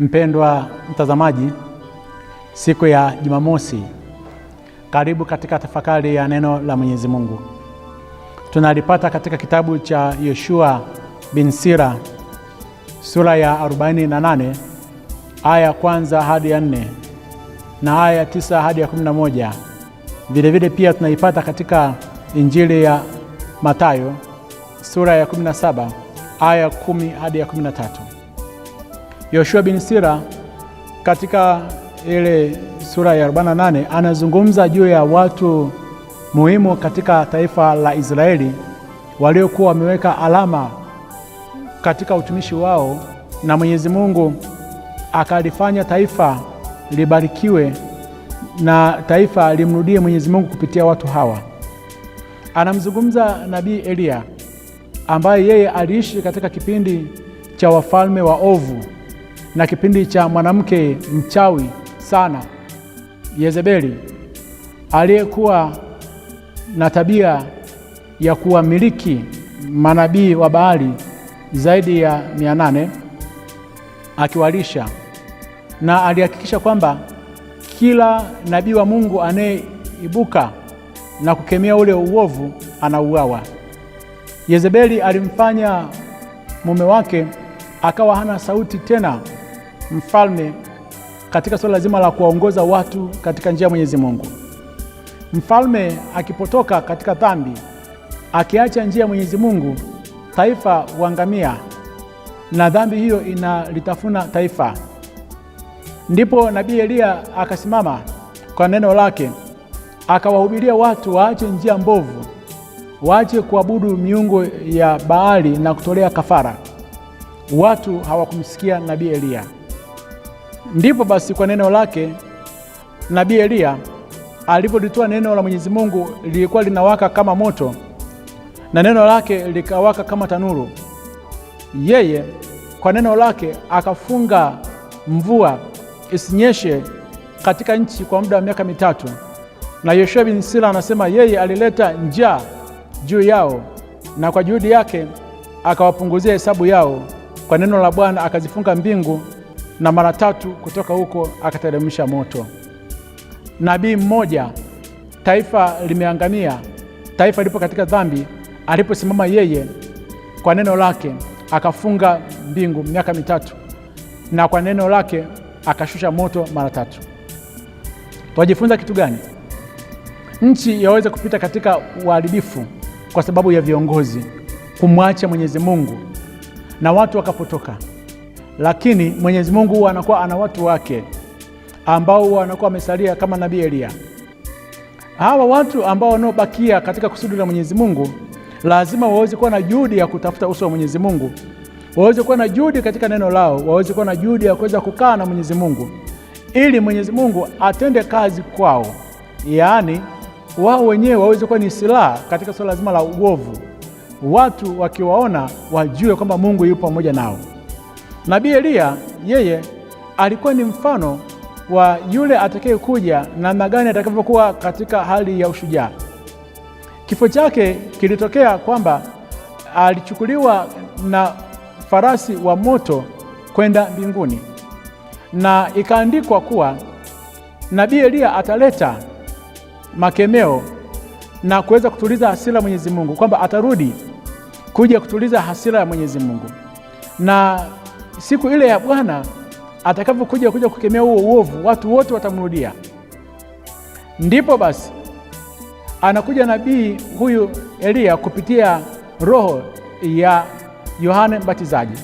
Mpendwa mtazamaji, siku ya Jumamosi, karibu katika tafakari ya neno la Mwenyezi Mungu. Tunalipata katika kitabu cha Yoshua bin Sira sura ya 48 aya ya kwanza hadi ya nne na aya ya tisa hadi ya kumi na moja. Vilevile pia tunaipata katika Injili ya matayo sura ya 17 aya ya kumi hadi ya kumi na tatu. Yoshua bin Sira katika ile sura ya 48 anazungumza juu ya watu muhimu katika taifa la Israeli waliokuwa wameweka alama katika utumishi wao, na Mwenyezi Mungu akalifanya taifa libarikiwe na taifa limrudie Mwenyezi Mungu kupitia watu hawa. Anamzungumza nabii Eliya ambaye yeye aliishi katika kipindi cha wafalme wa ovu na kipindi cha mwanamke mchawi sana Yezebeli, aliyekuwa na tabia ya kuwamiliki manabii wa Baali zaidi ya mia nane akiwalisha, na alihakikisha kwamba kila nabii wa Mungu anayeibuka na kukemea ule uovu anauawa. Yezebeli alimfanya mume wake akawa hana sauti tena mfalme katika suala zima la kuwaongoza watu katika njia ya Mwenyezi Mungu. Mfalme akipotoka katika dhambi, akiacha njia ya Mwenyezi Mungu, taifa huangamia na dhambi hiyo inalitafuna taifa. Ndipo nabii Eliya akasimama kwa neno lake akawahubiria watu waache njia mbovu, waache kuabudu miungu ya Baali na kutolea kafara. Watu hawakumsikia nabii Eliya. Ndipo basi kwa neno lake nabii Eliya alipolitoa neno la Mwenyezi Mungu lilikuwa linawaka kama moto, na neno lake likawaka kama tanuru. Yeye kwa neno lake akafunga mvua isinyeshe katika nchi kwa muda wa miaka mitatu. Na Yoshua bin Sira anasema yeye alileta njaa juu yao, na kwa juhudi yake akawapunguzia hesabu yao. Kwa neno la Bwana akazifunga mbingu na mara tatu kutoka huko akateremsha moto. Nabii mmoja, taifa limeangamia, taifa lipo katika dhambi, aliposimama yeye kwa neno lake akafunga mbingu miaka mitatu, na kwa neno lake akashusha moto mara tatu. Twajifunza kitu gani? Nchi yaweza kupita katika uharibifu kwa sababu ya viongozi kumwacha Mwenyezi Mungu na watu wakapotoka. Lakini Mwenyezi Mungu huwa anakuwa ana watu wake ambao huwa wanakuwa wamesalia kama nabii Eliya. Hawa watu ambao wanaobakia katika kusudi la Mwenyezi Mungu lazima waweze kuwa na juhudi ya kutafuta uso wa Mwenyezi Mungu, waweze kuwa na juhudi katika neno lao, waweze kuwa na juhudi ya kuweza kukaa na Mwenyezi Mungu ili Mwenyezi Mungu atende kazi kwao, yaani wao wenyewe waweze kuwa ni silaha katika suala zima la uovu, watu wakiwaona wajue kwamba Mungu yupo pamoja nao. Nabii Eliya yeye alikuwa ni mfano wa yule atakayekuja na magani atakavyokuwa katika hali ya ushujaa. Kifo chake kilitokea kwamba alichukuliwa na farasi wa moto kwenda mbinguni, na ikaandikwa kuwa nabii Eliya ataleta makemeo na kuweza kutuliza hasira ya Mwenyezi Mungu, kwamba atarudi kuja kutuliza hasira ya Mwenyezi Mungu na siku ile ya Bwana atakapokuja kuja kukemea huo uovu, watu wote watamrudia. Ndipo basi anakuja nabii huyu Eliya kupitia roho ya Yohane Mbatizaji,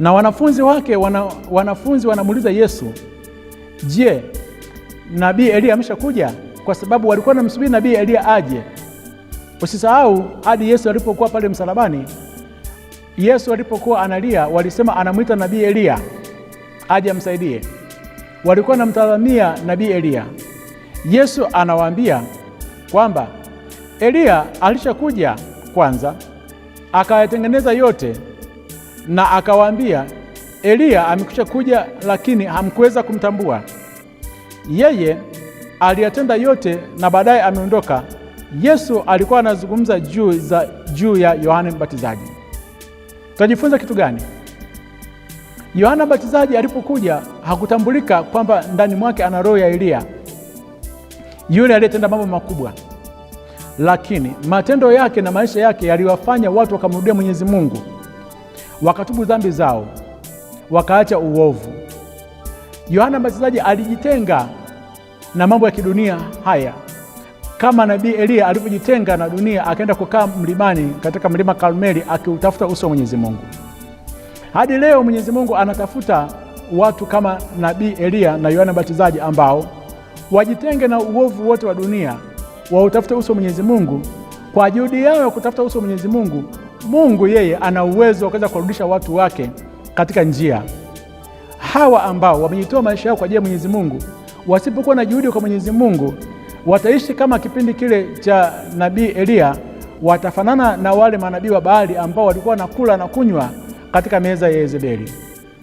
na wanafunzi wake wana, wanafunzi wanamuuliza Yesu, je, nabii Eliya ameshakuja? Kwa sababu walikuwa wanamsubiri nabii Eliya aje. Usisahau hadi Yesu alipokuwa pale msalabani Yesu alipokuwa analia, walisema anamwita nabii Eliya aje amsaidie. Walikuwa namtazamia nabii Eliya. Yesu anawaambia kwamba Eliya alishakuja kwanza, akayatengeneza yote, na akawaambia Eliya amekwisha kuja, lakini hamkuweza kumtambua yeye. Aliyatenda yote na baadaye ameondoka. Yesu alikuwa anazungumza juu za juu ya Yohane Mbatizaji. Tutajifunza kitu gani? Yohana Mbatizaji alipokuja hakutambulika kwamba ndani mwake ana roho ya Eliya, yule aliyetenda mambo makubwa, lakini matendo yake na maisha yake yaliwafanya watu wakamrudia Mwenyezi Mungu, wakatubu dhambi zao, wakaacha uovu. Yohana Mbatizaji alijitenga na mambo ya kidunia haya kama nabii Eliya alivyojitenga na dunia akaenda kukaa mlimani katika mlima Karmeli akiutafuta uso wa Mwenyezi Mungu. Hadi leo Mwenyezi Mungu anatafuta watu kama nabii Eliya na Yohana Mbatizaji ambao wajitenge na uovu wote wa dunia, wautafute uso wa Mwenyezi Mungu. Kwa juhudi yao ya kutafuta uso wa Mwenyezi Mungu, Mungu yeye ana uwezo wa kuweza kuwarudisha watu wake katika njia. Hawa ambao wamejitoa maisha yao kwa ajili ya Mwenyezi Mungu, wasipokuwa na juhudi kwa Mwenyezi Mungu wataishi kama kipindi kile cha nabii Eliya, watafanana na wale manabii wa Baali ambao walikuwa nakula na kunywa katika meza ya Yezebeli.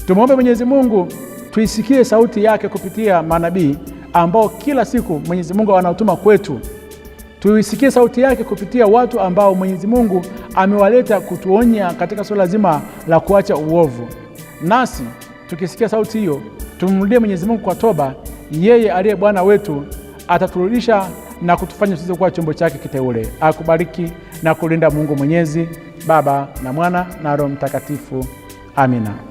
Tumwombe Mwenyezi Mungu tuisikie sauti yake kupitia manabii ambao kila siku Mwenyezi Mungu anaotuma kwetu. Tuisikie sauti yake kupitia watu ambao Mwenyezi Mungu amewaleta kutuonya katika suala zima la kuacha uovu. Nasi tukisikia sauti hiyo, tumrudie Mwenyezi Mungu kwa toba, yeye aliye Bwana wetu ataturudisha na kutufanya sisi kuwa chombo chake kiteule. Akubariki na kulinda Mungu Mwenyezi, Baba na Mwana na Roho Mtakatifu. Amina.